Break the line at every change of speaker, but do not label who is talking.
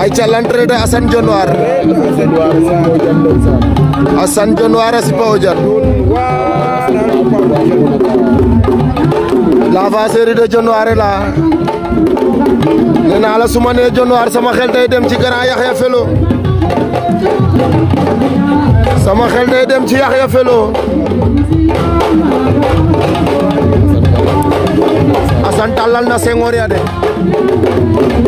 ayca l'entrée de Assane Dionewar Assane Dionewar a sipa o jan l'avant série la nee naa la su ma nee Dionewar sama xel day dem ci grand Yaxya Felo sama xel day dem ci Yaxya Felo
Assane tàllal na Senghor ya de